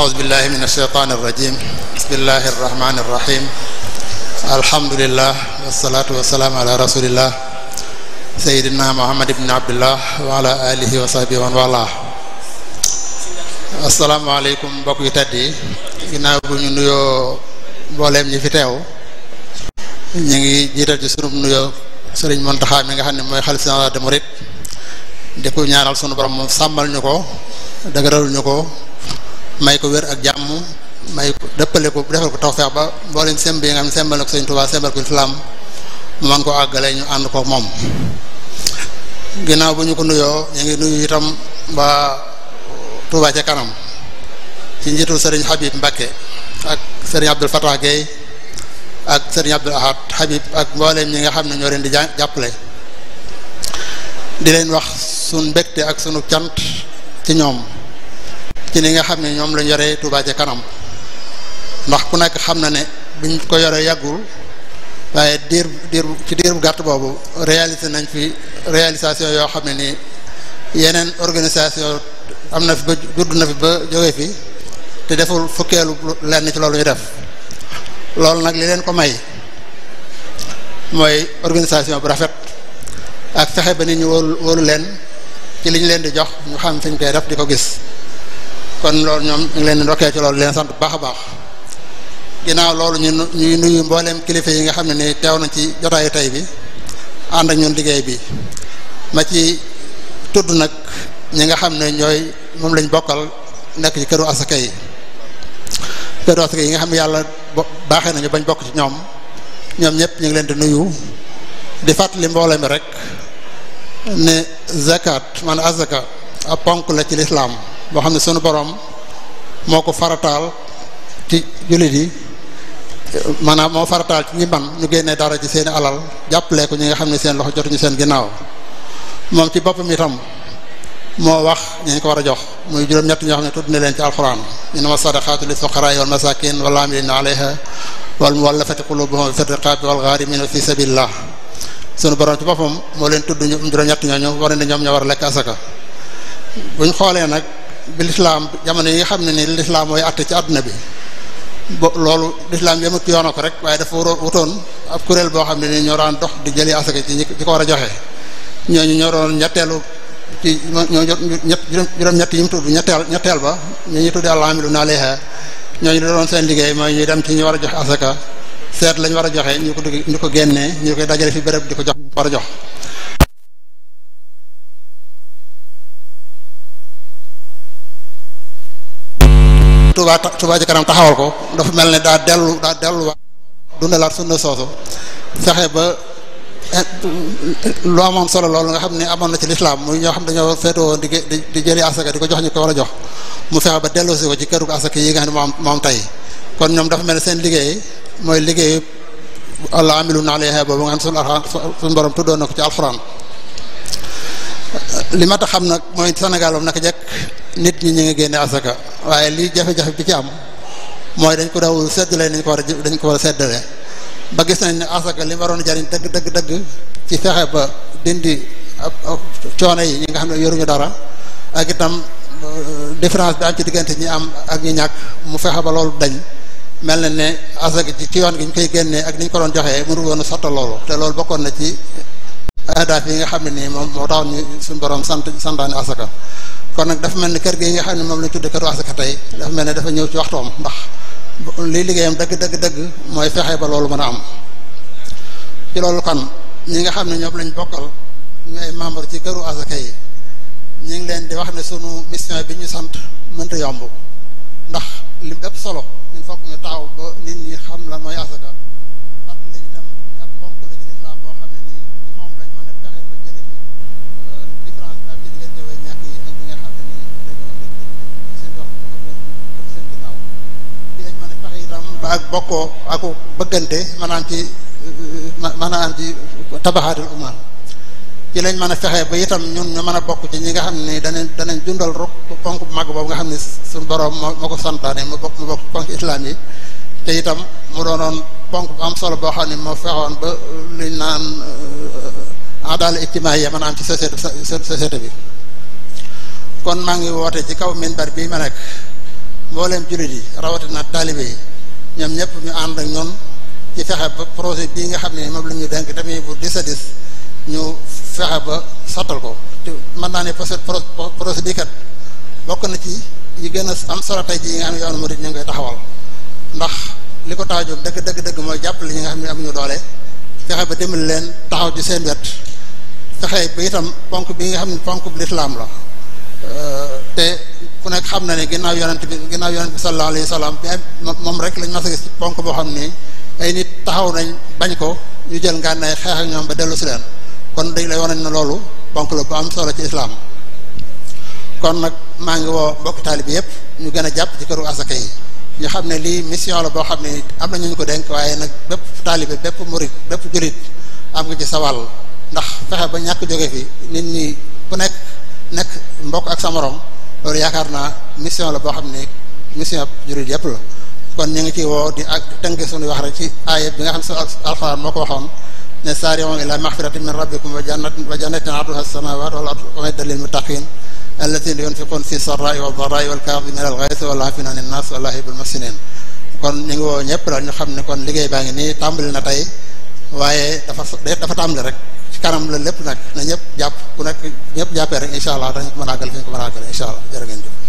أعوذ بالله من الشيطان الرجيم بسم الله الرحمن الرحيم الحمد لله والصلاة والسلام على رسول الله سيدنا محمد بن mbokk yu tedd yi ginnaaw bu ñu nuyoo mbooleem ñi fi teew ñu ngi jiital ci sunu nuyoo sëriñ Mountakha mi nga xam ne mooy xalif général des mourides di ko ñaanal sunu borom moom sàmmal ñu ko dëgëral ko may ko wér ak jàmm may ko dëppale ko defal ko tawfeex ba mbooleem semb yi nga xam sembal na ko sëñ Tuubaa sembal ko islaam mu man ko àggale ñu ànd ko moom ginnaaw bu ñu ko nuyoo ñu ngi nuyu itam ba Touba ca kanam ci njiitul sëriñ Habib Mbakke ak sëriñ Abdul Fatah Gueye ak sëriñ Abdul Ahad Habib ak mbooleem ñi nga xam ne ñoo leen di jàppale di leen wax suñ mbégte ak suñu cant ci ñoom ci ni nga xam ne ñoom lañ yore Touba ca kanam ndax ku nekk xam na ne biñ ko yore yàggul waaye diir diir ci diir bu gàtt boobu réalisé nañ fi réalisation yoo xam ne ni yeneen organisation am na fi ba judd na fi ba jóge fi te deful fukkeelu lenn ci loolu ñu def loolu nag li leen ko may mooy organisation bu rafet ak fexe ba nit ñu wóolu wóolu leen ci liñ leen di jox ñu xam fi ñu koy def di ko gis kon loolu ñoom ñu ngi leen di ndokkee ci loolu leen sant bu baax a baax ginnaaw loolu ñu ñuy nuyu mbooleem kilifa yi nga xam ne ni teew na ci jotaayu tey bi ànd ak ñun liggéey bi ma ci tudd nag ñi nga xam ne ñooy moom lañ bokkal nekk ci këru asaka yi këru asaka yi nga xam ne yàlla baaxee nañu bañ bokk ci ñoom ñoom ñëpp ñu ngi leen di nuyu di fàttali mbooloo bi rek ne zakat man azaka a ponk la ci lislaam boo xam ne sunu borom moo ko farataal ci jullit yi maanaam moo farataal ci ñi man ñu génnee dara ci seen alal jàppalee ko ñi nga xam ne seen loxo jotuñu seen ginnaaw moom ci boppam itam moo wax ñi ko war a jox muy juróom-ñett ñoo ne tudd na leen ci alxuraan innama sadaqaatu lil fuqaraa wal masaakin wal aamiliina alayha wal muwallafati quluubuhum wa fi riqaabi wal ghaarimiina fi sabilillah sunu borom ci boppam moo leen tudd ñu juróom-ñett ñooñu war ne ñoom ñoo war a lekk asaka buñ xoolee nag bi lislaam jamono yi nga xam ne ni lislaam mooy àtte ci àdduna bi bo loolu lislaam yemut yoona ko rek waaye dafa wutoon ab kuréel boo xam ne ni ñoo daan dox di jëli asaka ci ñi ko war a joxe ñooñu ñoo doon ñetteelu ci ñoo ñett juróom-ñett yi mu tudd ñetteel ñetteel ba ñu ñu tuddi alhamdulilah alayha ñooñu doon seen liggéey mooy ñuy dem ci ñu war a joxe asaka seet lañ war a joxe ñu ko ñu ko génnee ñu koy dajale fi béréb di ko jox war a jox Touba Touba ci kanam taxawal ko dafa mel ne daa dellu daa delluwaat dundalaat sunna soosu fexe ba eh, lu amoon solo loolu nga xam ne amoon na ci lislaam muy ñoo xam ne ñoo dañoo feetoo di di jëli asaka di ko jox ñu ko war a jox mu fexe ba delloosi ko ci këru asaka yi nga xam ne moom moom tey kon ñoom dafa mel ne seen liggéey mooy liggéey allah amilu la alayha boobu nga xam suñu borom tuddoon na ko ci alxuraan li ma ta xam nag mooy Sénégal nag naka jekk nit ñi ñu ngi génne asaka waaye li jafe-jafe bi ci am mooy dañ ko daw seddale nañ ko war a dañ ko war a seddale ba gis nañ ne asaka li ma waroon jariñ dëgg dëgg dëgg ci fexe ba dindi coono yi ñi nga xam ne yoruñu dara ak itam euh, différence bi am ci diggante ñi am ak ñi ñàkk mu fexe ba loolu dañ mel na ne asaka ci yoon gi ñu koy génnee ak ni ñu ko doon joxee mënu woon a sotta loolu te loolu bokkoon na ci ahdaaf yi nga xam ne nii moom moo tax ñu suñu sant santaane asaka kon nag dafa mel ni kër gi nga xam ne moom lañ tudde këru asaka tey dafa mel ne dafa ñëw ci waxtoom ndax liy liggéeyam dëgg dëgg dëgg mooy fexe ba loolu mën a am ci loolu kon ñi nga xam ne ñoom lañ bokkal ñooy membre ci këru asaka yi ñu ngi leen di wax ne sunu mission bi ñu sant mënta yomb ndax li ëpp solo ñun fokk ñu taaw ba nit ñi xam la mooy asaka ak bokkoo ak bëggante maanaam ci maanaam ci tabaxaatul umma ci lañ mën a fexe ba itam ñun ñu mën a bokk ci ñi nga xam ni danañ danañ dundal rok ponk bu mag boobu nga xam ne suñu boroom moo ko santaane mu bokk mu bokk ponk islaam yi te itam mu doonoon ponk bu am solo boo xam ne moo fexoon ba liñ naan euh, adal ijtimaay ya maanaam ci société société bi kon maa ngi woote ci kaw minbar bii ma nekk mbooleem jullit yi rawatina taalibe yi ñoom ñëpp ñu ànd ak ñoon ci fexe ba projet bii nga xam ne moom la ñu dénk tamit bu dis a ñu fexe ba sottal ko te mën naa ne parce que projet bii kat bokk na ci yi gën a am solo tey jii nga xam ne yoonu murid ñu ngi koy taxawal ndax li ko tax a dëgg dëgg mooy jàppale ñi nga xam ne amuñu doole fexe ba dimbali leen taxaw ci seen wet fexe ba itam ponk bi nga xam ne ponk bu lislaam la. Euh, te ku nekk xam na ne ginnaaw yonent bi ginnaaw yonent bi sallallahu alayhi moom rek lañ mas a gis ponk boo xam ni ay nit taxaw nañ bañ ko ñu jël ngànnaay xeex ak ba dellu si leen kon dañ lay wane ne loolu ponk la bu am solo ci islaam kon nag maa ngi woo mbokk taalib yëpp ñu gën a jàpp ci këru asaka yi ñu xam ne lii mission la boo xam ne am na ñu ko dénk waaye nag bépp taalibe bépp murit bépp julit am nga ci sa wàll ndax fexe ba ñàkk jóge fi nit ñi ku nekk nekk mbokk ak sa morom loolu yaakaar naa mission la boo xam ne mission jurit yëpp la kon ñu ngi ciy woo di ak tënk suñu wax rek ci aaya bi nga xam ne alxuraan moo ko waxoon ne saari'u ilaa maxfiratin min rabbikum wa jannatin wa jannatin arduha as-samaawaatu wal ardu u'iddat lil muttaqiin allaziina yunfiquuna fi sarraa'i wa dharraa'i wal kaazimiina al ghayza wal aafiina ani n-naas wal aa'ibiina al muhsiniin kon ñu ngi woo ñëpp la ñu xam ne kon liggéey baa ngi nii tàmbali na tey waaye dafa dafa tàmbali rek kanam la lépp nag na ñëpp jàpp ku nekk ñëpp jàppee rek incha allah dañ ko mën a àggal fi ñu ko mën a àggal incha